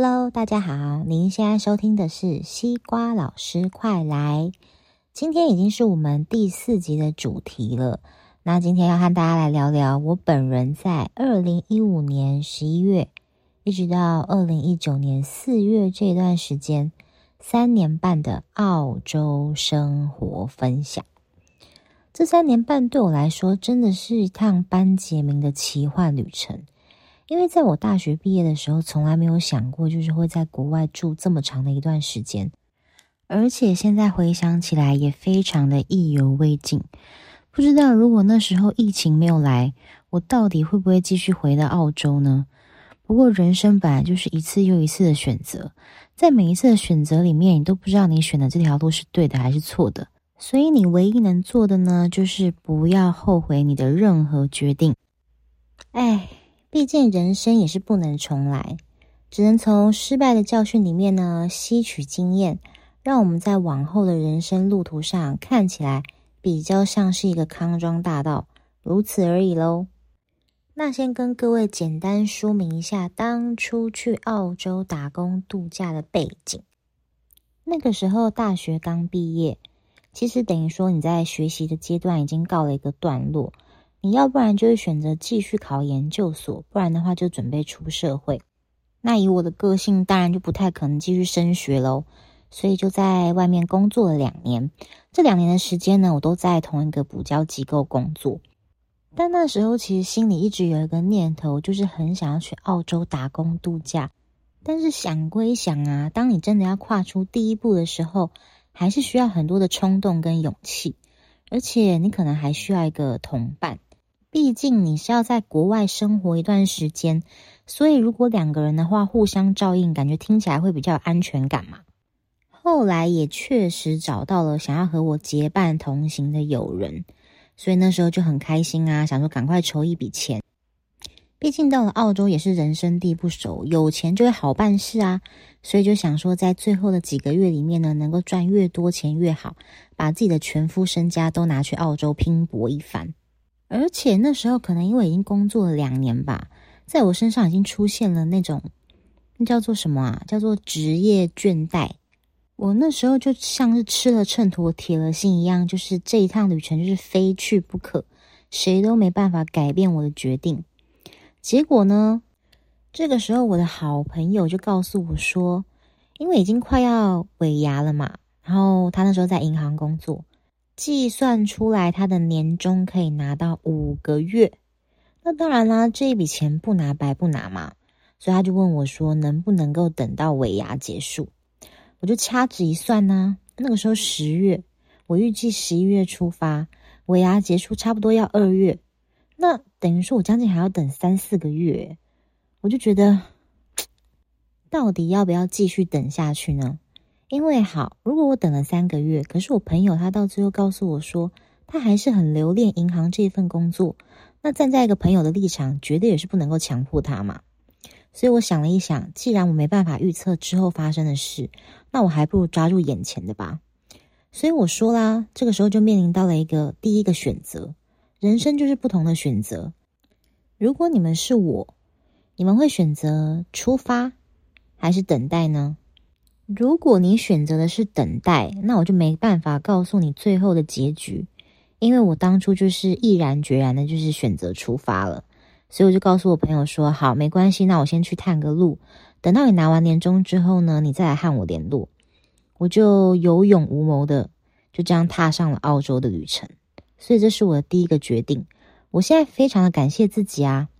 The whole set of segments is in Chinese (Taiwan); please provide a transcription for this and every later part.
Hello，大家好，您現在收聽的是西瓜老師快來。今天已經是我們第四集的主題了。那今天要和大家來聊聊我本人在二零一五年十一月一直到二零一九年四月這段時間，三年半的澳洲生活分享。這三年半對我來說，真的是一趟班傑明的奇幻旅程。因為在我大學畢業的時候，從來沒有想過就是會在國外住這麼長的一段時間，而且現在回想起來，也非常的意猶未盡。不知道如果那時候疫情沒有來，我到底會不會繼續回到澳洲呢？不過人生本來就是一次又一次的選擇，在每一次的選擇裡面，你都不知道你選的這條路是對的還是錯的，所以你唯一能做的呢，就是不要後悔你的任何決定。哎。畢竟人生也是不能重來，只能從失敗的教訓裡面呢吸取經驗，讓我們在往後的人生路途上看起來比較像是一個康莊大道，如此而已嘍。那先跟各位簡單說明一下當初去澳洲打工度假的背景。那個時候大學剛畢業，其實等於說你在學習的階段已經告了一個段落。你要不然就是選擇繼續考研究所，不然的話就準備出社會。那以我的個性，當然就不太可能繼續升學嘍，所以就在外面工作了兩年。這兩年的時間呢，我都在同一個補教機構工作。但那時候其實心裡一直有一個念頭，就是很想要去澳洲打工度假。但是想歸想啊，當你真的要跨出第一步的時候，還是需要很多的衝動跟勇氣，而且你可能還需要一個同伴。畢竟你是要在國外生活一段時間，所以如果兩個人的話，互相照應，感覺聽起來會比較有安全感嘛。後來也確實找到了想要和我結伴同行的友人，所以那時候就很開心啊，想說趕快籌一筆錢。畢竟到了澳洲也是人生地不熟，有錢就會好辦事啊，所以就想說在最後的幾個月裡面呢，能夠賺越多錢越好，把自己的全副身家都拿去澳洲拼搏一番。而且那時候可能因為已經工作了兩年吧，在我身上已經出現了那種，那叫做什麼啊？叫做職業倦怠。我那時候就像是吃了秤砣鐵了心一樣，就是這一趟旅程就是非去不可，誰都沒辦法改變我的決定。結果呢，這個時候我的好朋友就告訴我說，因為已經快要尾牙了嘛，然後他那時候在銀行工作。計算出來他的年終可以拿到五個月，那當然啦，這一筆錢不拿白不拿嘛，所以他就問我說能不能夠等到尾牙結束？我就掐指一算呢、啊，那個時候十月，我預計十一月出發，尾牙結束差不多要二月，那等於說我將近還要等三四個月，我就覺得，嘖，到底要不要繼續等下去呢？因為好，如果我等了三個月，可是我朋友他到最後告訴我說，他還是很留戀銀行這份工作。那站在一個朋友的立場，絕對也是不能夠強迫他嘛。所以我想了一想，既然我沒辦法預測之後發生的事，那我還不如抓住眼前的吧。所以我說啦，這個時候就面臨到了一個第一個選擇，人生就是不同的選擇。如果你們是我，你們會選擇出發還是等待呢？如果你選擇的是等待，那我就沒辦法告訴你最後的結局，因為我當初就是毅然決然的，就是選擇出發了。所以我就告訴我朋友說：“好，沒關係，那我先去探個路，等到你拿完年終之後呢，你再來和我聯絡。”我就有勇無謀的，就這樣踏上了澳洲的旅程。所以這是我的第一個決定。我現在非常的感謝自己啊，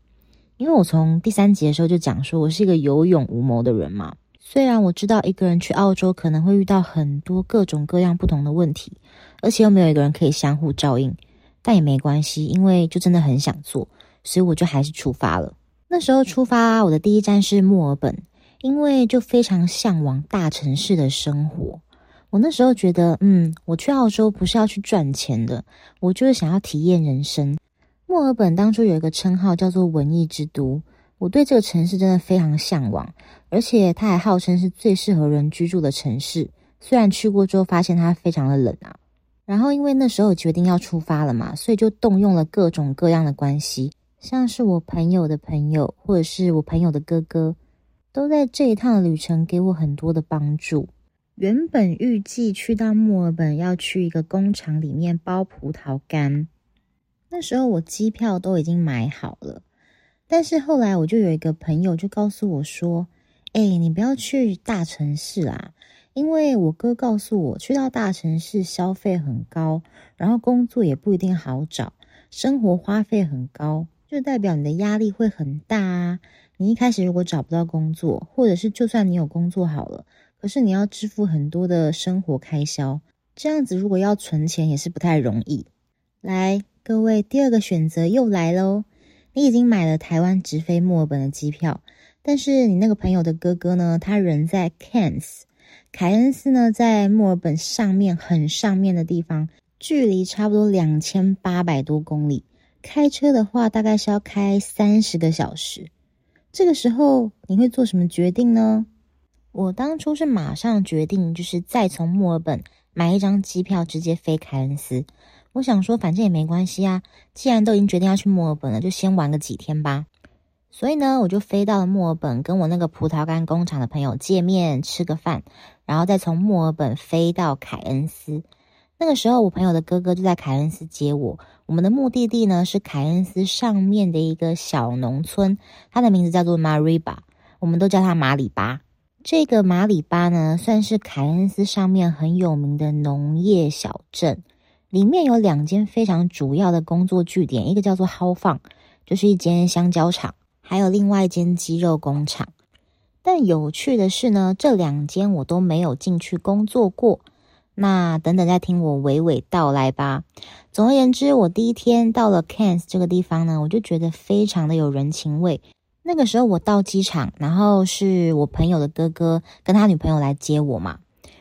因為我從第三集的時候就講說，我是一個有勇無謀的人嘛。雖然我知道一個人去澳洲可能會遇到很多各種各樣不同的問題，而且又沒有一個人可以相互照應，但也沒關係，因為就真的很想做，所以我就還是出發了。那時候出發，我的第一站是墨爾本，因為就非常向往大城市的生活。我那時候覺得，嗯，我去澳洲不是要去賺錢的，我就是想要體驗人生。墨爾本當初有一個稱號叫做“文藝之都”。我對這個城市真的非常向往，而且它還號稱是最適合人居住的城市。雖然去過之後發現它非常的冷啊，然後因為那時候決定要出發了嘛，所以就動用了各種各樣的關係，像是我朋友的朋友，或者是我朋友的哥哥，都在這一趟旅程給我很多的幫助。原本預計去到墨爾本要去一個工廠裡面包葡萄乾，那時候我機票都已經買好了。但是後來我就有一個朋友就告訴我說：“哎，你不要去大城市啦。因為我哥告訴我，去到大城市消費很高，然後工作也不一定好找，生活花費很高，就代表你的壓力會很大啊。你一開始如果找不到工作，或者是就算你有工作好了，可是你要支付很多的生活開銷，這樣子如果要存錢也是不太容易。來，各位，第二個選擇又來嘍。”你已經買了台灣直飛墨爾本的機票，但是你那個朋友的哥哥呢？他人在 Cairns 凱恩斯呢，在墨爾本上面很上面的地方，距離差不多兩千八百多公里，開車的話大概是要開三十個小時。這個時候你會做什麼決定呢？我當初是馬上決定，就是再從墨爾本買一張機票，直接飛凱恩斯。我想說，反正也沒關係啊。既然都已經決定要去墨爾本了，就先玩個幾天吧。所以呢，我就飛到了墨爾本，跟我那個葡萄乾工廠的朋友見面吃個飯，然後再從墨爾本飛到凱恩斯。那個時候，我朋友的哥哥就在凱恩斯接我。我們的目的地呢是凱恩斯上面的一個小農村，它的名字叫做馬里巴，我們都叫它馬里巴。這個馬里巴呢，算是凱恩斯上面很有名的農業小鎮。裡面有兩間非常主要的工作據點，一個叫做 How Farm 就是一間香蕉廠，還有另外一間雞肉工廠。但有趣的是呢，這兩間我都沒有進去工作過。那等等再聽我娓娓道來吧。總而言之，我第一天到了 Cairns 這個地方呢，我就覺得非常的有人情味。那個時候我到機場，然後是我朋友的哥哥跟他女朋友來接我嘛。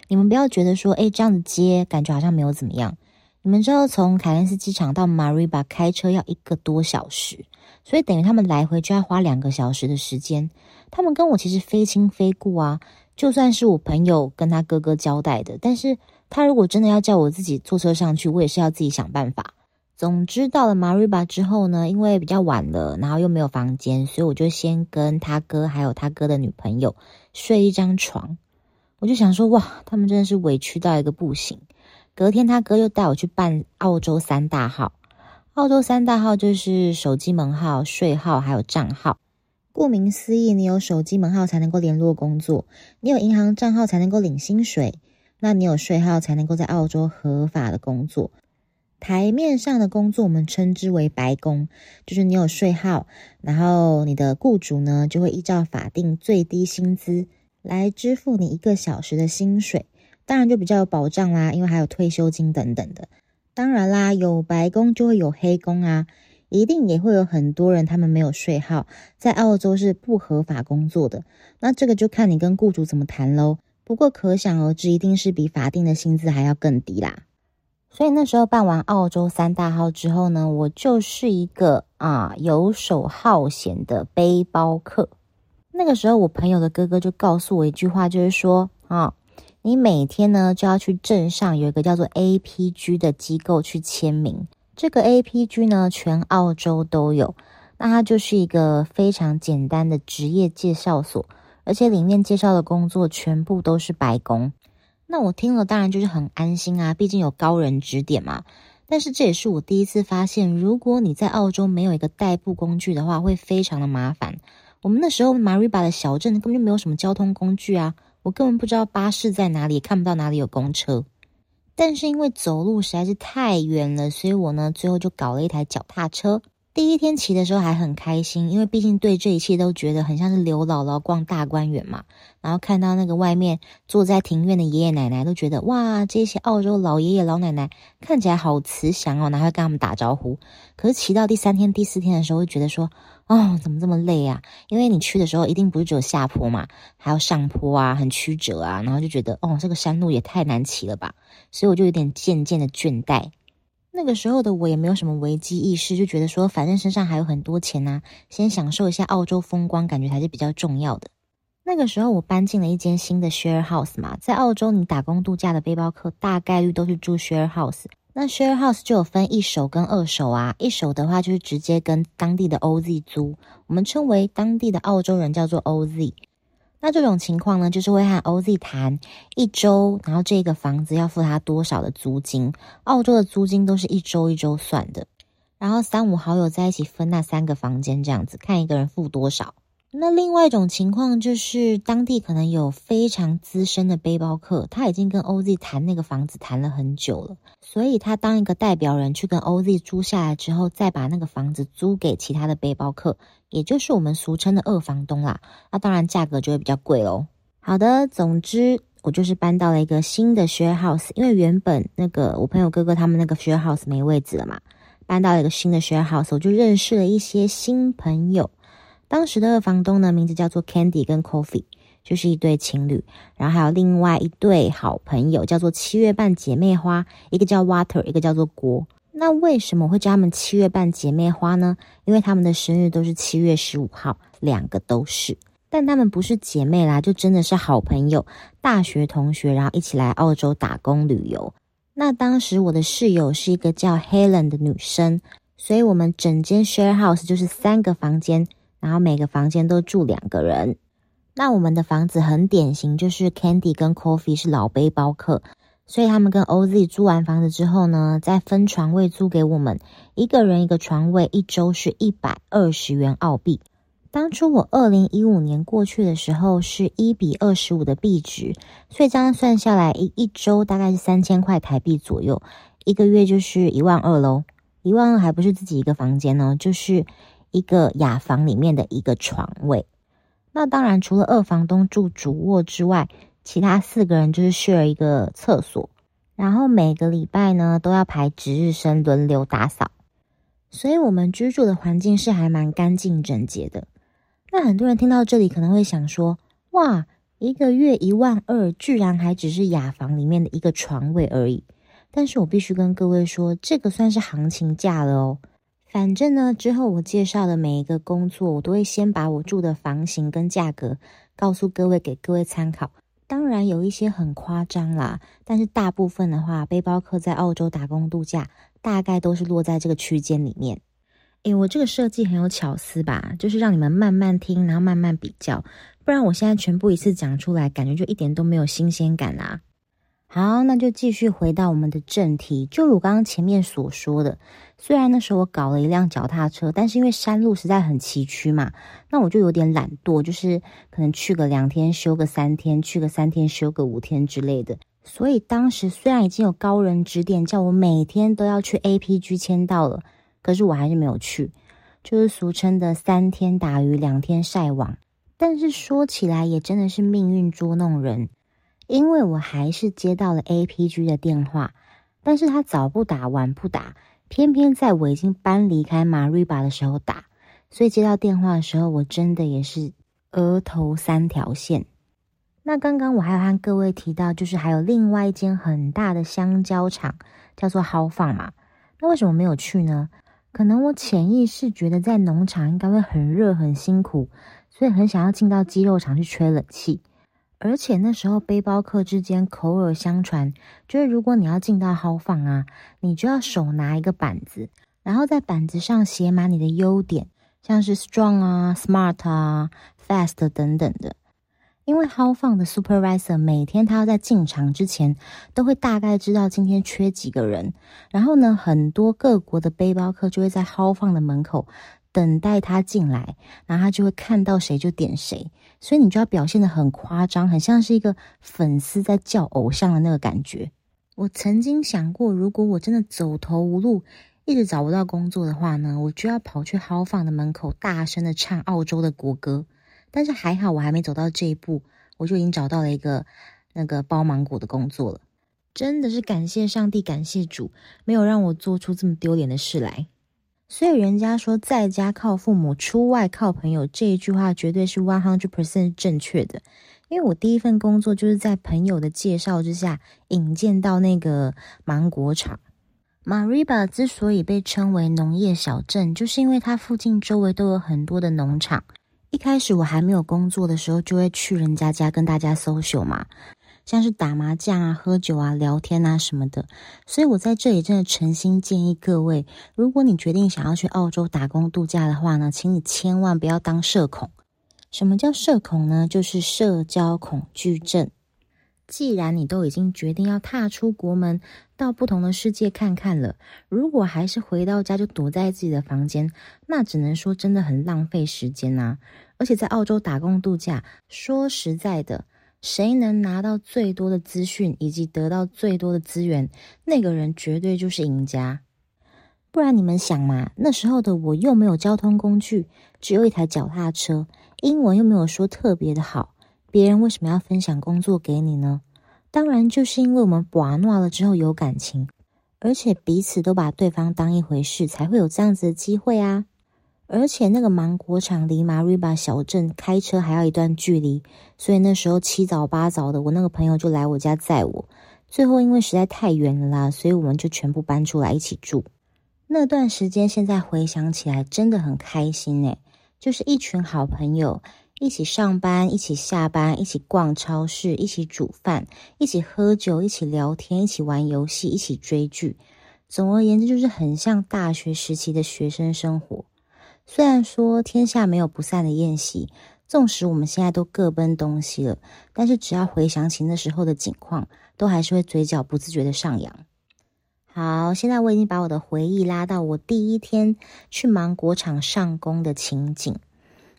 你們不要覺得說，哎，這樣子接感覺好像沒有怎麼樣。你們知道，從凱恩斯機場到馬瑞巴開車要一個多小時，所以等於他們來回就要花兩個小時的時間。他們跟我其實非親非故啊，就算是我朋友跟他哥哥交代的，但是他如果真的要叫我自己坐車上去，我也是要自己想辦法。總之，到了馬瑞巴之後呢，因為比較晚了，然後又沒有房間，所以我就先跟他哥還有他哥的女朋友睡一張床。我就想說，哇，他們真的是委屈到一個不行。隔天，他哥又帶我去辦澳洲三大號。澳洲三大號就是手機門號、稅號還有賬號。顧名思義，你有手機門號才能夠聯絡工作，你有銀行賬號才能夠領薪水，那你有稅號才能夠在澳洲合法的工作。檯面上的工作我們稱之為白工，就是你有稅號，然後你的僱主呢，就會依照法定最低薪資來支付你一個小時的薪水。當然就比較有保障啦，因為還有退休金等等的。當然啦，有白工就會有黑工啊，一定也會有很多人他們沒有稅號，在澳洲是不合法工作的。那這個就看你跟雇主怎麼談嘍。不過可想而知，一定是比法定的薪資還要更低啦。所以那時候辦完澳洲三大號之後呢，我就是一個啊遊手好閒的背包客。那個時候我朋友的哥哥就告訴我一句話，就是說啊。你每天呢就要去鎮上有一個叫做 APG 的機構去簽名。這個 APG 呢，全澳洲都有，那它就是一個非常簡單的職業介紹所，而且裡面介紹的工作全部都是白工。那我聽了當然就是很安心啊，畢竟有高人指點嘛。但是這也是我第一次發現，如果你在澳洲沒有一個代步工具的話，會非常的麻煩。我們那時候馬瑞巴的小鎮根本就沒有什麼交通工具啊。我根本不知道巴士在哪裡，看不到哪裡有公車。但是因為走路實在是太遠了，所以我呢最後就搞了一台腳踏車。第一天騎的時候還很開心，因為畢竟對這一切都覺得很像是劉姥姥逛大觀園嘛。然後看到那個外面坐在庭院的爺爺奶奶，都覺得哇，這些澳洲老爺爺老奶奶看起來好慈祥哦，哪會跟他們打招呼。可是騎到第三天、第四天的時候，會覺得說，哦，怎麼這麼累啊？因為你去的時候一定不是只有下坡嘛，還有上坡啊，很曲折啊，然後就覺得，哦，這個山路也太難騎了吧，所以我就有點漸漸的倦怠。那個時候的我也沒有什麼危機意識，就覺得說反正身上還有很多錢吶，先享受一下澳洲風光，感覺還是比較重要的。那個時候我搬進了一間新的 share house 嘛，在澳洲你打工度假的背包客大概率都是住 share house，那 share house 就有分一手跟二手啊，一手的話就是直接跟當地的 OZ 租，我們稱為當地的澳洲人叫做 OZ。那這種情況呢，就是會和 OZ 談一周，然後這個房子要付他多少的租金，澳洲的租金都是一周一周算的，然後三五好友在一起分那三個房間這樣子，看一個人付多少。那另外一種情況就是，當地可能有非常資深的背包客，他已經跟 OZ 談那個房子談了很久了，所以他當一個代表人去跟 OZ 租下來之後，再把那個房子租給其他的背包客，也就是我們俗稱的二房東啦。那當然價格就會比較貴哦。好的，總之我就是搬到了一個新的 share house，因為原本那個我朋友哥哥他們那個 share house 沒位置了嘛，搬到了一個新的 share house，我就認識了一些新朋友。當時的房東呢，名字叫做 Candy 跟 Coffee，就是一對情侶。然後還有另外一對好朋友，叫做七月半姐妹花，一個叫 Water，一個叫做鍋。那為什麼我會叫他們七月半姐妹花呢？因為他們的生日都是七月十五號，兩個都是。但他們不是姐妹啦，就真的是好朋友，大學同學，然後一起來澳洲打工旅遊。那當時我的室友是一個叫 Helen 的女生，所以我們整間 share house 就是三個房間。然後每個房間都住兩個人。那我們的房子很典型，就是 Candy 跟 Coffee 是老背包客，所以他們跟 Oz 租完房子之後呢，再分床位租給我們，一個人一個床位，一周是一百二十元澳幣。當初我二零一五年過去的時候是1，是一比二十五的幣值，所以這樣算下來，一一周大概是三千塊台幣左右，一個月就是一萬二嘍。一萬二還不是自己一個房間呢，就是。一個雅房裡面的一個床位，那當然除了二房東住主臥之外，其他四個人就是 share 一個廁所，然後每個禮拜呢都要排值日生輪流打掃，所以我們居住的環境是還蠻乾淨整潔的。那很多人聽到這裡可能會想說：哇，一個月一萬二，居然還只是雅房裡面的一個床位而已！但是我必須跟各位說，這個算是行情價了哦。反正呢，之後我介紹的每一個工作，我都會先把我住的房型跟價格告訴各位，給各位參考。當然有一些很誇張啦，但是大部分的話，背包客在澳洲打工度假，大概都是落在這個區間裡面。誒，我這個設計很有巧思吧？就是讓你們慢慢聽，然後慢慢比較，不然我現在全部一次講出來，感覺就一點都沒有新鮮感啦。好，那就繼續回到我們的正題。就如剛剛前面所說的，雖然那時候我搞了一輛腳踏車，但是因為山路實在很崎嶇嘛，那我就有點懶惰，就是可能去個兩天，休個三天；去個三天，休個五天之類的。所以當時雖然已經有高人指點，叫我每天都要去 APG 簽到了，可是我還是沒有去，就是俗稱的三天打魚，兩天曬網。但是說起來也真的是命運捉弄人。因為我還是接到了 APG 的電話，但是他早不打晚不打，偏偏在我已經搬離開馬瑞巴的時候打，所以接到電話的時候，我真的也是額頭三條線。那剛剛我還有和各位提到，就是還有另外一間很大的香蕉廠，叫做 How Farm 嘛。那為什麼沒有去呢？可能我潛意識覺得在農場應該會很熱很辛苦，所以很想要進到雞肉廠去吹冷氣。而且那時候背包客之間口耳相傳，就是如果你要進到豪放啊，你就要手拿一個板子，然後在板子上寫滿你的優點，像是 strong 啊、smart 啊、fast 等等的。因為豪放的 supervisor 每天他要在進場之前，都會大概知道今天缺幾個人，然後呢，很多各國的背包客就會在豪放的門口。等待他進來，然後他就會看到誰就點誰，所以你就要表現得很誇張，很像是一個粉絲在叫偶像的那個感覺。我曾經想過，如果我真的走投無路，一直找不到工作的話呢，我就要跑去豪房的門口大聲地唱澳洲的國歌。但是還好，我還沒走到這一步，我就已經找到了一個那個包芒果的工作了。真的是感謝上帝，感謝主，沒有讓我做出這麼丟臉的事來。所以人家說在家靠父母，出外靠朋友，這一句話，絕對是 one hundred percent 正確的。因為我第一份工作就是在朋友的介紹之下引薦到那個芒果場。Mariba 之所以被稱為農業小鎮，就是因為它附近周圍都有很多的農場。一開始我還沒有工作的時候，就會去人家家跟大家 social 嘛。像是打麻將啊、喝酒啊、聊天啊什麼的，所以我在這裡真的誠心建議各位，如果你決定想要去澳洲打工度假的話呢，請你千萬不要當社恐。什麼叫社恐呢？就是社交恐懼症。既然你都已經決定要踏出國門，到不同的世界看看了，如果還是回到家就躲在自己的房間，那只能說真的很浪費時間啊。而且在澳洲打工度假，說實在的。誰能拿到最多的資訊以及得到最多的資源，那個人絕對就是贏家。不然你們想嘛，那時候的我又沒有交通工具，只有一台腳踏車，英文又沒有說特別的好，別人為什麼要分享工作給你呢？當然就是因為我們玩鬧了之後有感情，而且彼此都把對方當一回事，才會有這樣子的機會啊。而且那個芒果場離馬瑞巴小鎮開車還要一段距離，所以那時候七早八早的，我那個朋友就來我家載我。最後因為實在太遠了啦，所以我們就全部搬出來一起住。那段時間現在回想起來真的很開心哎、欸，就是一群好朋友一起上班、一起下班、一起逛超市、一起煮飯、一起喝酒、一起聊天、一起玩遊戲、一起追劇。總而言之，就是很像大學時期的學生生活。雖然說天下沒有不散的宴席，縱使我們現在都各奔東西了，但是只要回想起那時候的景況，都還是會嘴角不自覺的上揚。好，現在我已經把我的回憶拉到我第一天去芒果場上工的情景。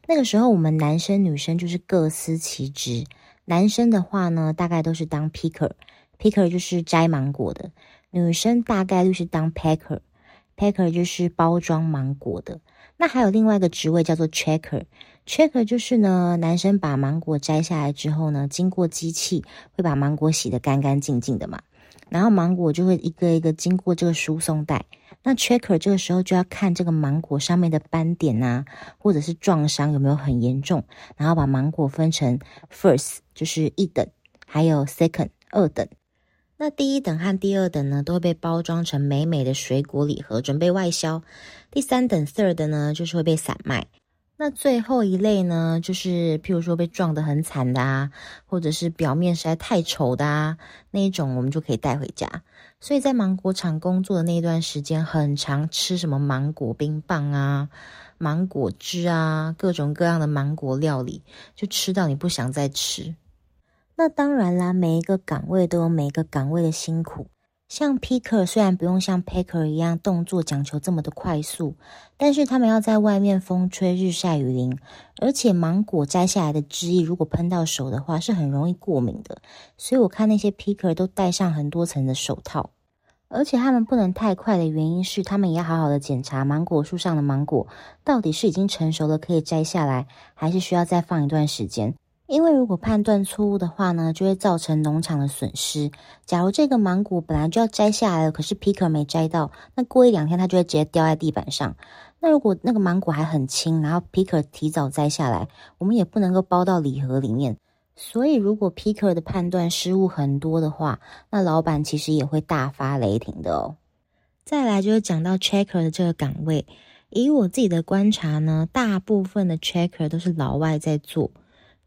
那個時候，我們男生女生就是各司其職，男生的話呢，大概都是當 picker，picker 就是摘芒果的；女生大概率是當 packer，packer 就是包裝芒果的。那還有另外一個職位叫做 checker，checker 就是呢，男生把芒果摘下來之後呢，經過機器會把芒果洗得乾乾淨淨的嘛，然後芒果就會一個一個經過這個輸送帶，那 checker 這個時候就要看這個芒果上面的斑點啊，或者是撞傷有沒有很嚴重，然後把芒果分成 first 就是一等，還有 second 二等。那第一等和第二等呢，都會被包裝成美美的水果禮盒，準備外銷；第三等、third 呢，就是會被散賣。那最後一類呢，就是譬如說被撞得很慘的啊，或者是表面實在太醜的啊，那一種我們就可以帶回家。所以在芒果廠工作的那段時間，很常吃什麼芒果冰棒啊、芒果汁啊、各種各樣的芒果料理，就吃到你不想再吃。那當然啦，每一個崗位都有每一個崗位的辛苦。像 picker 雖然不用像 packer 一樣動作講求這麼的快速，但是他們要在外面風吹日曬雨淋，而且芒果摘下來的汁液如果噴到手的話是很容易過敏的，所以我看那些 picker 都戴上很多層的手套。而且他們不能太快的原因是，他們也要好好的檢查芒果樹上的芒果到底是已經成熟了可以摘下來，還是需要再放一段時間。因為如果判斷錯誤的話呢，就會造成農場的損失。假如這個芒果本來就要摘下來了，可是 picker 沒摘到，那過一兩天它就會直接掉在地板上。那如果那個芒果還很青，然後 picker 提早摘下來，我們也不能夠包到禮盒裡面。所以如果 picker 的判斷失誤很多的話，那老闆其實也會大發雷霆的哦。再來就是講到 checker 的這個崗位，以我自己的觀察呢，大部分的 checker 都是老外在做。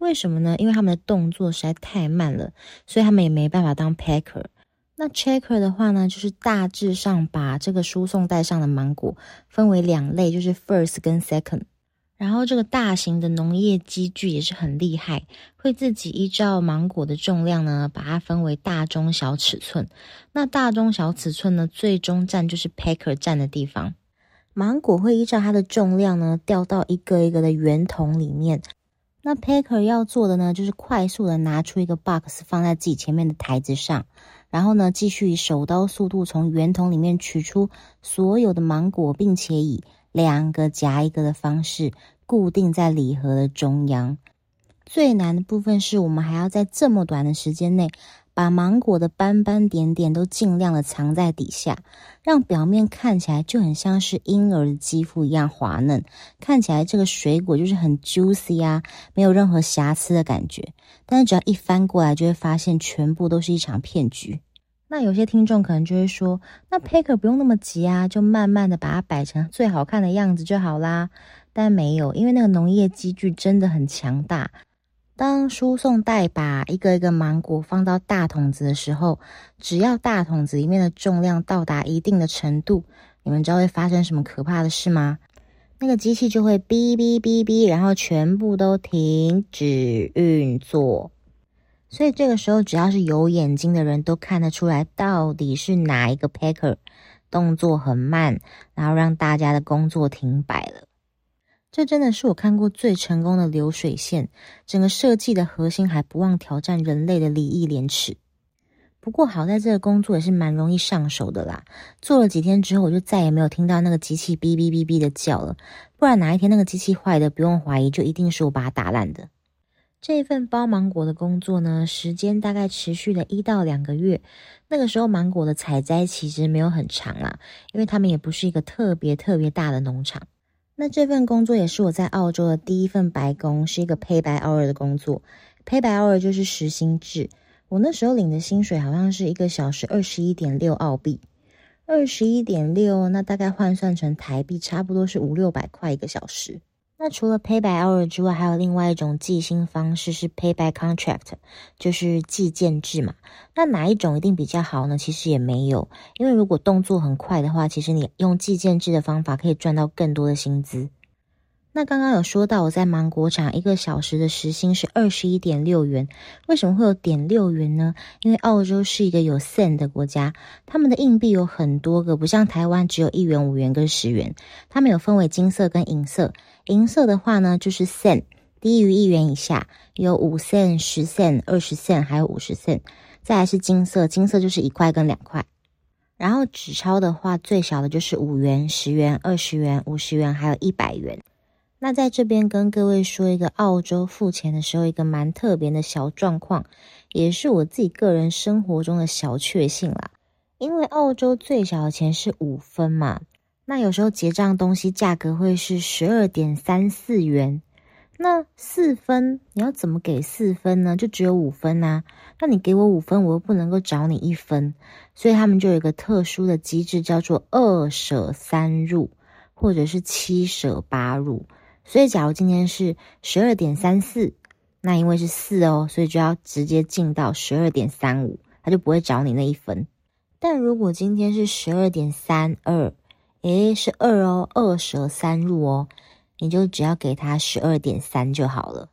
為什麼呢？因為他們的動作實在太慢了，所以他們也沒辦法當 packer。那 checker 的話呢，就是大致上把這個輸送帶上的芒果分為兩類，就是 first 跟 second。然後這個大型的農業機具也是很厲害，會自己依照芒果的重量呢，把它分為大、中、小尺寸。那大、中、小尺寸呢，最終站就是 packer 站的地方，芒果會依照它的重量呢，掉到一個一個的圓筒裡面。那 Packer 要做的呢，就是快速的拿出一個 box 放在自己前面的檯子上，然後呢，繼續以手刀速度從圓筒裡面取出所有的芒果，並且以兩個夾一個的方式固定在禮盒的中央。最難的部分是我們還要在這麼短的時間內。把芒果的斑斑點點都儘量的藏在底下，讓表面看起來就很像是嬰兒的肌膚一樣滑嫩，看起來這個水果就是很 juicy 啊，沒有任何瑕疵的感覺。但是只要一翻過來，就會發現全部都是一場騙局。那有些聽眾可能就會說，那 picker 不用那麼急啊，就慢慢的把它擺成最好看的樣子就好啦。但沒有，因為那個農業機具真的很強大。當輸送帶把一個一個芒果放到大桶子的時候，只要大桶子裡面的重量到達一定的程度，你們知道會發生什麼可怕的事嗎？那個機器就會嗶嗶嗶嗶，然後全部都停止運作。所以這個時候，只要是有眼睛的人都看得出來，到底是哪一個 packer 動作很慢，然後讓大家的工作停擺了。這真的是我看過最成功的流水線，整個設計的核心還不忘挑戰人類的禮義廉恥。不過好在這個工作也是蠻容易上手的啦，做了幾天之後我就再也沒有聽到那個機器嗶嗶嗶嗶的叫了。不然哪一天那個機器壞的不用懷疑，就一定是我把它打爛的。這份包芒果的工作呢，時間大概持續了一到兩個月。那個時候芒果的採摘期其實沒有很長啦，因為他們也不是一個特別特別大的農場。那這份工作也是我在澳洲的第一份白工，是一個 Pay 白 u 爾的工作，Pay 白 u 爾就是時薪制。我那時候領的薪水好像是一個小時二十一點六澳幣，二十一點六，那大概換算成台幣，差不多是五六百塊一個小時。那除了 Pay by Hour 之外，還有另外一種計薪方式是 Pay by Contract，就是計件制嘛。那哪一種一定比較好呢？其實也沒有，因為如果動作很快的話，其實你用計件制的方法可以賺到更多的薪資。那剛剛有說到我在芒果場一個小時的時薪是二十一點六元，為什麼會有點六元呢？因為澳洲是一個有 cent 的國家，他們的硬幣有很多個，不像台灣只有一元、五元跟十元，他們有分為金色跟銀色。銀色的話呢，就是 cent，低於一元以下，有五 cent、十 cent、二十 cent，還有五十 cent，再來是金色，金色就是一塊跟兩塊。然後紙鈔的話，最小的就是五元、十元、二十元、五十元，還有一百元。那在這邊跟各位說一個澳洲付錢的時候一個蠻特別的小狀況，也是我自己個人生活中的小確幸啦。因為澳洲最小的錢是五分嘛，那有時候結賬東西價格會是十二點三四元，那四分你要怎麼給四分呢？就只有五分吶、啊，那你給我五分，我又不能夠找你一分，所以他們就有一個特殊的機制，叫做二捨三入，或者是七捨八入。所以，假如今天是十二點三四，那因為是四哦，所以就要直接進到十二點三五，他就不會找你那一分。但如果今天是十二點三二，誒是二哦，二舍三入哦，你就只要給他十二點三就好了。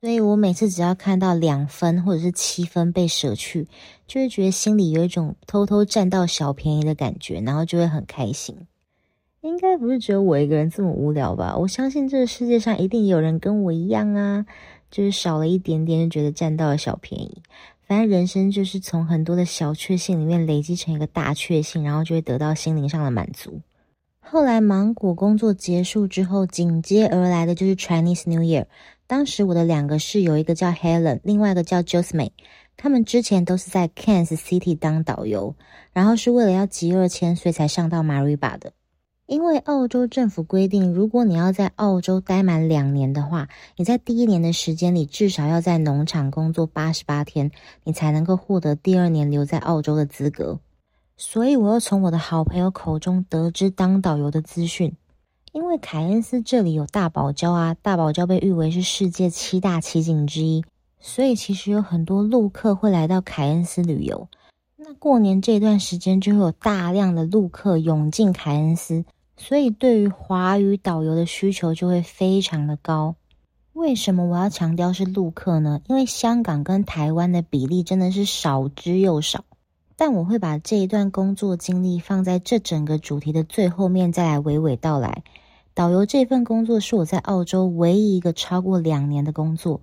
所以我每次只要看到兩分或者是七分被舍去，就會覺得心裡有一種偷偷佔到小便宜的感覺，然後就會很開心。應該不是只有我一個人這麼無聊吧？我相信這個世界上一定有人跟我一樣啊，就是少了一點點就覺得占到了小便宜。反正人生就是從很多的小確幸裡面累積成一個大確幸，然後就會得到心靈上的滿足。後來芒果工作結束之後，緊接而來的就是 Chinese New Year。當時我的兩個室友，一個叫 Helen，另外一個叫 Joseph，他們之前都是在 Cairns City 當導遊，然後是為了要集二簽，所以才上到 Mareeba 的。因為澳洲政府規定，如果你要在澳洲待滿兩年的話，你在第一年的時間裡至少要在農場工作八十八天，你才能夠獲得第二年留在澳洲的資格。所以，我又從我的好朋友口中得知當導遊的資訊。因為凱恩斯這裡有大堡礁啊，大堡礁被譽為是世界七大奇景之一，所以其實有很多陸客會來到凱恩斯旅遊。那過年這段時間就會有大量的陸客湧進凱恩斯。所以，對於華語導遊的需求就會非常的高。為什麼我要強調是陸客呢？因為香港跟台灣的比例真的是少之又少。但我會把這一段工作經歷放在這整個主題的最後面再來娓娓道來。導遊這份工作是我在澳洲唯一一個超過兩年的工作，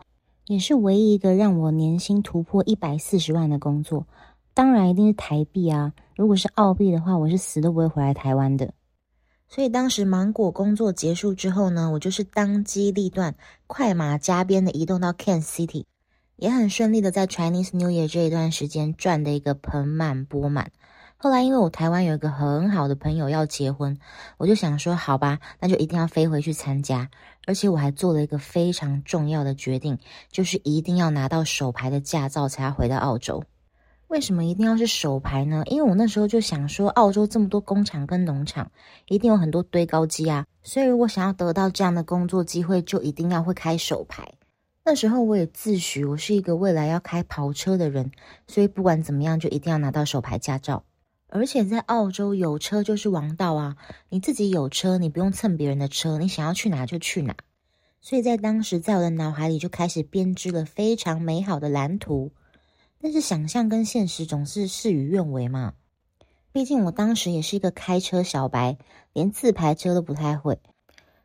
也是唯一一個讓我年薪突破一百四十萬的工作。當然，一定是台幣啊！如果是澳幣的話，我是死都不會回來台灣的。所以當時芒果工作結束之後呢，我就是當機立斷，快馬加鞭的移動到 Cairns City，也很順利的在 Chinese New Year 這一段時間賺的一個盆滿缽滿。後來因為我台灣有一個很好的朋友要結婚，我就想說好吧，那就一定要飛回去參加。而且我還做了一個非常重要的決定，就是一定要拿到手排的駕照才要回到澳洲。為什麼一定要是手排呢？因為我那時候就想說，澳洲這麼多工廠跟農場，一定有很多堆高機啊，所以如果想要得到這樣的工作機會，就一定要會開手排。那時候我也自詡我是一個未來要開跑車的人，所以不管怎麼樣，就一定要拿到手排駕照。而且在澳洲有車就是王道啊，你自己有車，你不用蹭別人的車，你想要去哪兒就去哪兒。所以在當時，在我的腦海裡就開始編織了非常美好的藍圖。但是想象跟現實總是事與願違嘛。畢竟我當時也是一個開車小白，連自排車都不太會。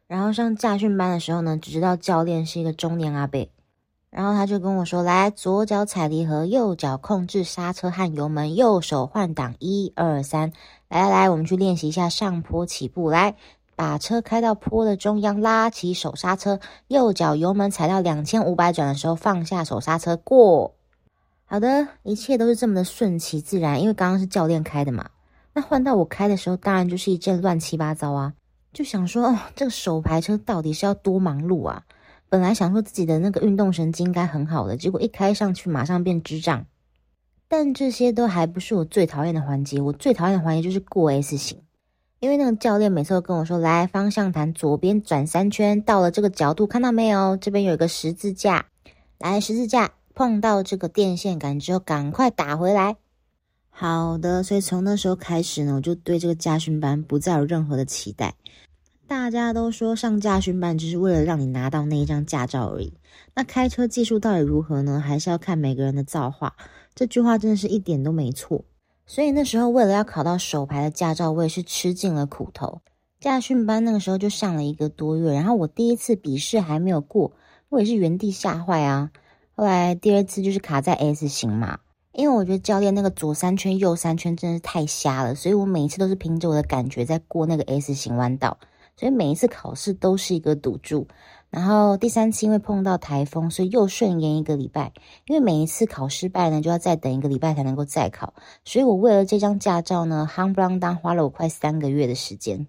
然後上駕訓班的時候呢，只知道教練是一個中年阿伯，然後他就跟我說：“來，左腳踩離合，右腳控制剎車和油門，右手換擋，一二三，來來來，我們去練習一下上坡起步。來，把車開到坡的中央，拉起手剎車，右腳油門踩到兩千五百轉的時候，放下手剎車，過。”好的，一切都是這麼的順其自然，因為剛剛是教練開的嘛，那換到我開的時候，當然就是一陣亂七八糟啊！就想說，哦，這個手排車到底是要多忙碌啊！本來想說自己的那個運動神經應該很好的，結果一開上去馬上變智障。但這些都還不是我最討厭的環節，我最討厭的環節就是過 S 型，因為那個教練每次都跟我說，來，方向盤左邊轉三圈，到了這個角度，看到沒有？這邊有一個十字架，來，十字架。碰到這個電線桿之後，趕快打回來。好的，所以從那時候開始呢，我就對這個駕訓班不再有任何的期待。大家都說上駕訓班只是為了讓你拿到那一張駕照而已。那開車技術到底如何呢？還是要看每個人的造化。這句話真的是一點都沒錯。所以那時候為了要考到手排的駕照，我也是吃盡了苦頭。駕訓班那個時候就上了一個多月，然後我第一次筆試還沒有過，我也是原地嚇壞啊。後來第二次就是卡在 S 型嘛，因為我覺得教練那個左三圈右三圈真的是太瞎了，所以我每一次都是憑着我的感覺在過那個 S 型彎道，所以每一次考試都是一個賭注。然後第三次因為碰到颱風，所以又順延一個禮拜，因為每一次考失敗呢，就要再等一個禮拜才能夠再考，所以我為了這張駕照呢，夯、嗯、不啷噹花了我快三個月的時間。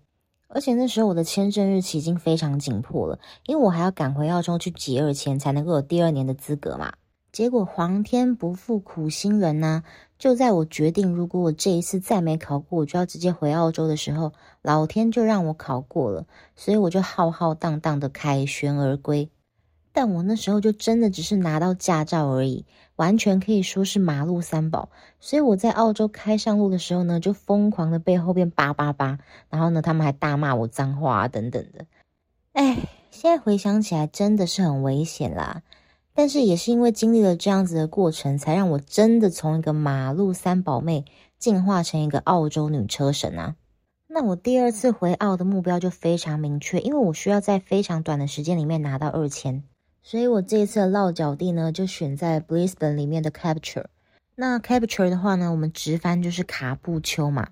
而且那時候我的簽證日期已經非常緊迫了，因為我還要趕回澳洲去集二簽，才能夠有第二年的資格嘛。結果皇天不負苦心人吶、啊，就在我決定如果我這一次再沒考過，我就要直接回澳洲的時候，老天就讓我考過了，所以我就浩浩蕩蕩的凱旋而歸。但我那時候就真的只是拿到駕照而已，完全可以說是馬路三寶。所以我在澳洲開上路的時候呢，就瘋狂的被後邊叭叭叭，然後呢，他們還大罵我髒話啊等等的。哎，現在回想起來真的是很危險啦。但是也是因為經歷了這樣子的過程，才讓我真的從一個馬路三寶妹進化成一個澳洲女車神啊。那我第二次回澳的目標就非常明確，因為我需要在非常短的時間裡面拿到二簽。所以我這一次的落腳地呢，就選在 Brisbane 裡面的 Caboolture。那 Caboolture 的話呢，我們直翻就是卡布丘嘛。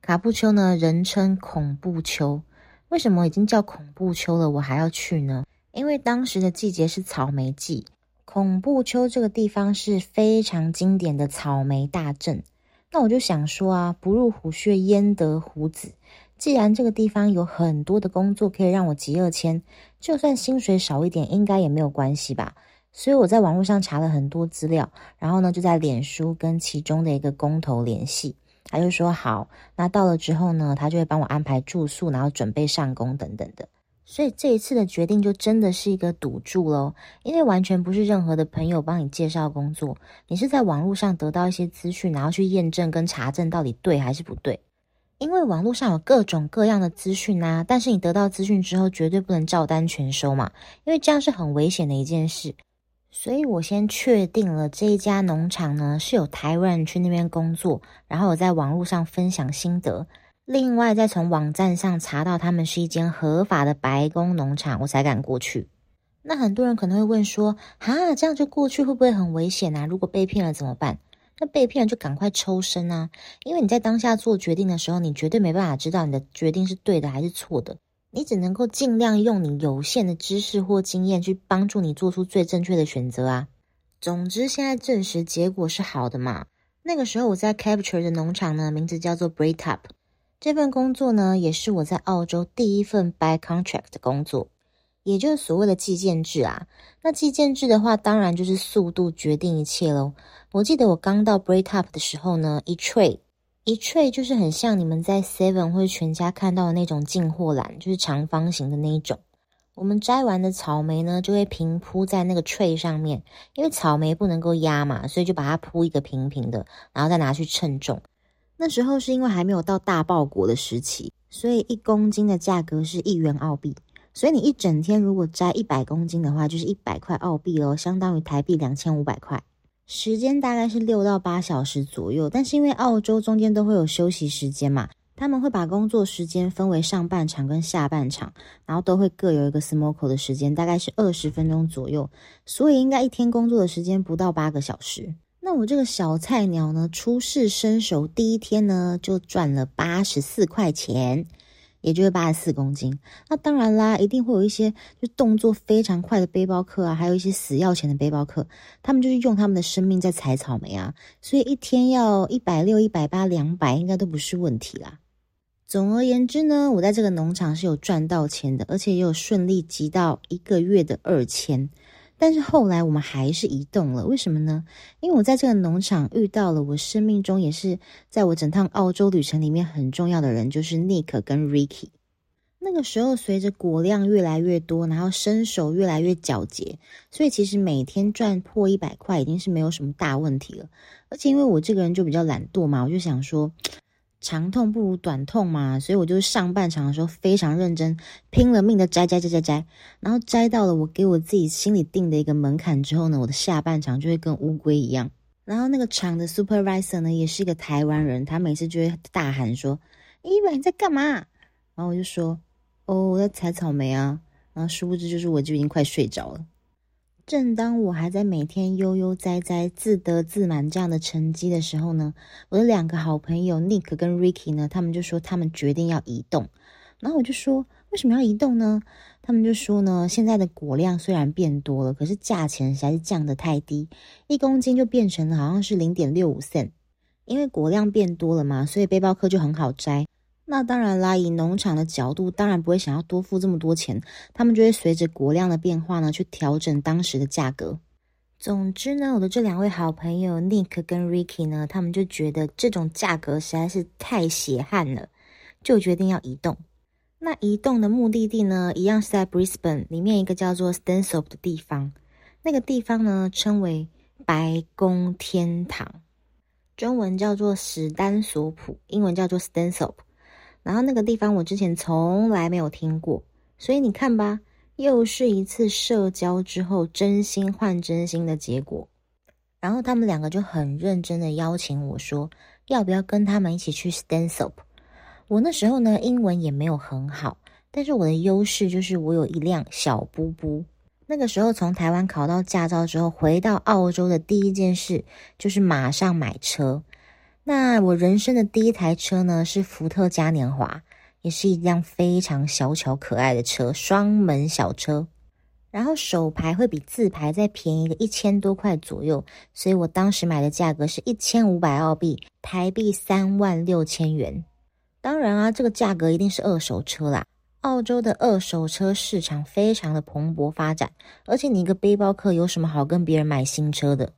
卡布丘呢，人稱恐怖丘。為什麼已經叫恐怖丘了，我還要去呢？因為當時的季節是草莓季，恐怖丘這個地方是非常經典的草莓大鎮。那我就想說啊，不入虎穴，焉得虎子。既然這個地方有很多的工作可以讓我集二簽，就算薪水少一點，應該也沒有關係吧？所以我在網絡上查了很多資料，然後呢，就在臉書跟其中的一個工頭聯繫，他就說好。那到了之後呢，他就會幫我安排住宿，然後準備上工等等的。所以這一次的決定就真的是一個賭注嘍，因為完全不是任何的朋友幫你介紹工作，你是在網絡上得到一些資訊，然後去驗證跟查證到底對還是不對。因為網絡上有各種各樣的資訊啦、啊，但是你得到資訊之後，絕對不能照單全收嘛，因為這樣是很危險的一件事。所以我先確定了這一家農場呢是有台灣人去那邊工作，然後我在網絡上分享心得。另外再從網站上查到他們是一間合法的白工農場，我才敢過去。那很多人可能會問說，哈、啊，這樣就過去會不會很危險啊？如果被騙了怎麼辦？那被騙就趕快抽身啊！因為你在當下做決定的時候，你絕對沒辦法知道你的決定是對的還是錯的，你只能夠盡量用你有限的知識或經驗去幫助你做出最正確的選擇啊！總之，現在證實結果是好的嘛。那個時候我在 Capture 的農場呢，名字叫做 Breakup，這份工作呢，也是我在澳洲第一份 by contract 的工作。也就是所謂的計件制啊，那計件制的話，當然就是速度決定一切嘍。我記得我剛到 Breakup 的時候呢，一 tray 一 tray 就是很像你們在 Seven 或全家看到的那種進貨籃，就是長方形的那一種。我們摘完的草莓呢，就會平鋪在那個 tray 上面，因為草莓不能夠壓嘛，所以就把它鋪一個平平的，然後再拿去稱重。那時候是因為還沒有到大爆果的時期，所以一公斤的價格是一元澳幣。所以你一整天如果摘一百公斤的話，就是一百塊澳幣咯，相當於台幣兩千五百塊。時間大概是六到八小時左右，但是因為澳洲中間都會有休息時間嘛，他們會把工作時間分為上半場跟下半場，然後都會各有一個 smoke 的時間，大概是二十分鐘左右，所以應該一天工作的時間不到八個小時。那我這個小菜鳥呢，初試身手第一天呢，就賺了八十四塊錢。也就是八十四公斤，那當然啦，一定會有一些就動作非常快的背包客啊，還有一些死要錢的背包客，他們就是用他們的生命在採草莓啊，所以一天要一百六、一百八、兩百，應該都不是問題啦。總而言之呢，我在這個農場是有賺到錢的，而且也有順利積到一個月的二千。但是後來我們還是移動了，為什麼呢？因為我在這個農場遇到了我生命中也是在我整趟澳洲旅程裡面很重要的人，就是 Nick 跟 Ricky。那個時候隨着果量越來越多，然後身手越來越矯捷，所以其實每天賺破一百塊已經是沒有什麼大問題了。而且因為我這個人就比較懶惰嘛，我就想說，長痛不如短痛嘛，所以我就是上半場的時候非常認真，拼了命的摘摘摘摘摘，然後摘到了我給我自己心裡定的一個門檻之後呢，我的下半場就會跟烏龜一樣。然後那個場的 supervisor 呢，也是一個台灣人，他每次就會大喊說：“伊文、欸、你在幹嘛？”然後我就說：“哦，我在採草莓啊。”然後殊不知就是我就已經快睡着了。正當我還在每天悠悠哉哉、自得自滿這樣的成績的時候呢，我的兩個好朋友 Nick 跟 Ricky 呢，他們就說他們決定要移動。然後我就說為什麼要移動呢？他們就說呢，現在的果量雖然變多了，可是價錢實在是降的太低，一公斤就變成了好像是零點六五 cent，因為果量變多了嘛，所以背包客就很好摘。那當然啦，以農場的角度，當然不會想要多付這麼多錢，他們就會隨着國量的變化呢，去調整當時的價格。總之呢，我的這兩位好朋友 Nick 跟 Ricky 呢，他們就覺得這種價格實在是太血汗了，就決定要移動。那移動的目的地呢，一樣是在 Brisbane 裡面一個叫做 Stanthorpe 的地方，那個地方呢稱為白宮天堂，中文叫做史丹索普，英文叫做 Stanthorpe。然後那個地方我之前從來沒有聽過，所以你看吧，又是一次社交之後真心換真心的結果。然後他們兩個就很認真的邀請我說，要不要跟他們一起去 Stanthorpe？我那時候呢，英文也沒有很好，但是我的優勢就是我有一輛小布布。那個時候從台灣考到駕照之後，回到澳洲的第一件事就是馬上買車。那我人生的第一台車呢，是福特嘉年華，也是一輛非常小巧可愛的車，雙門小車。然後手排會比自排再便宜個一千多塊左右，所以我當時買的價格是一千五百澳幣，台幣三萬六千元。當然啊，這個價格一定是二手車啦。澳洲的二手車市場非常的蓬勃發展，而且你一個背包客有什麼好跟別人買新車的？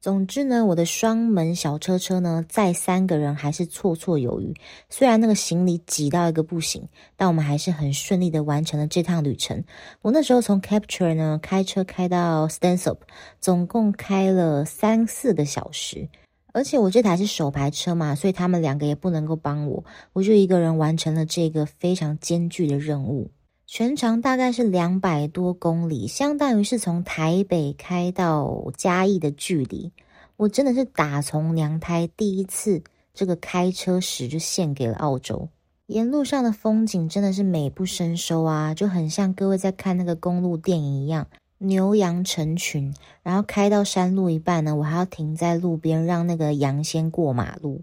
總之呢，我的雙門小車車呢，載三個人還是綽綽有餘。雖然那個行李擠到一個不行，但我們還是很順利的完成了這趟旅程。我那時候從 Capture 呢開車開到 Stand Up，總共開了三四個小時。而且我這台是手排車嘛，所以他們兩個也不能夠幫我，我就一個人完成了這個非常艱巨的任務。全長大概是兩百多公里，相當於是從台北開到嘉義的距離。我真的是打從娘胎第一次這個開車時就獻給了澳洲。沿路上的風景真的是美不勝收啊，就很像各位在看那個公路電影一樣，牛羊成群。然後開到山路一半呢，我還要停在路邊讓那個羊先過馬路。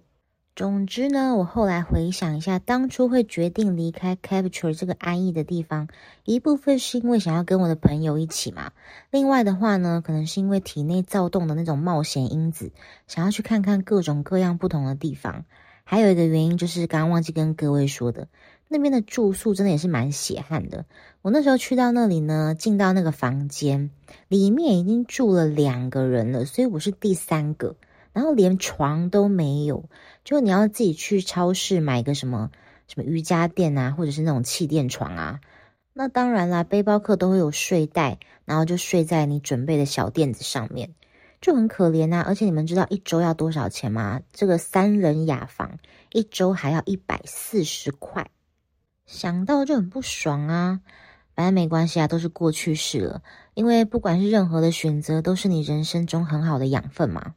總之呢，我後來回想一下，當初會決定離開 Capture 這個安逸的地方，一部分是因為想要跟我的朋友一起嘛。另外的話呢，可能是因為體內躁動的那種冒險因子，想要去看看各種各樣不同的地方。還有一個原因就是剛剛忘記跟各位說的，那邊的住宿真的也是蠻血汗的。我那時候去到那裡呢，進到那個房間，裡面已經住了兩個人了，所以我是第三個，然後連床都沒有。就你要自己去超市買個什麼什麼瑜伽墊啊，或者是那種氣墊床啊。那當然啦，背包客都會有睡袋，然後就睡在你準備的小墊子上面，就很可憐啊。而且你們知道一周要多少錢嗎？這個三人雅房一周還要一百四十塊，想到就很不爽啊。反正沒關係啊，都是過去式了。因為不管是任何的選擇，都是你人生中很好的養分嘛。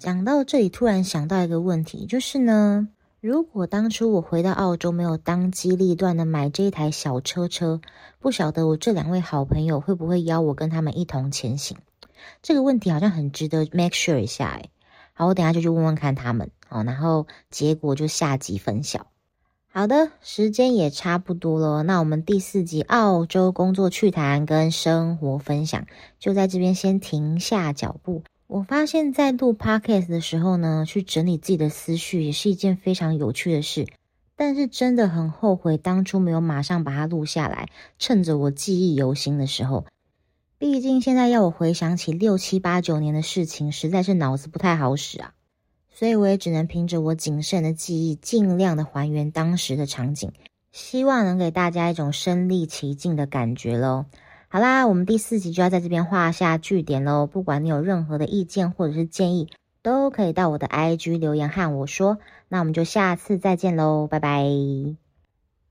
講到這裡，突然想到一個問題，就是呢，如果當初我回到澳洲沒有當機立斷的買這一台小車車，不曉得我這兩位好朋友會不會邀我跟他們一同前行？這個問題好像很值得 make sure 一下誒。好，我等下就去問問看他們哦，然後結果就下集分曉。好的，時間也差不多了，那我們第四集澳洲工作趣談跟生活分享就在這邊先停下腳步。我發現，在錄 podcast 的時候呢，去整理自己的思緒也是一件非常有趣的事。但是真的很後悔當初沒有馬上把它錄下來，趁着我記憶猶新的時候。畢竟現在要我回想起六七八九年的事情，實在是腦子不太好使啊。所以我也只能憑着我僅剩的記憶，盡量的還原當時的場景，希望能給大家一種身臨其境的感覺咯。好啦，我們第四集就要在這邊畫下句點嘍。不管你有任何的意見或者是建議，都可以到我的 IG 留言和我說。那我們就下次再見嘍，拜拜。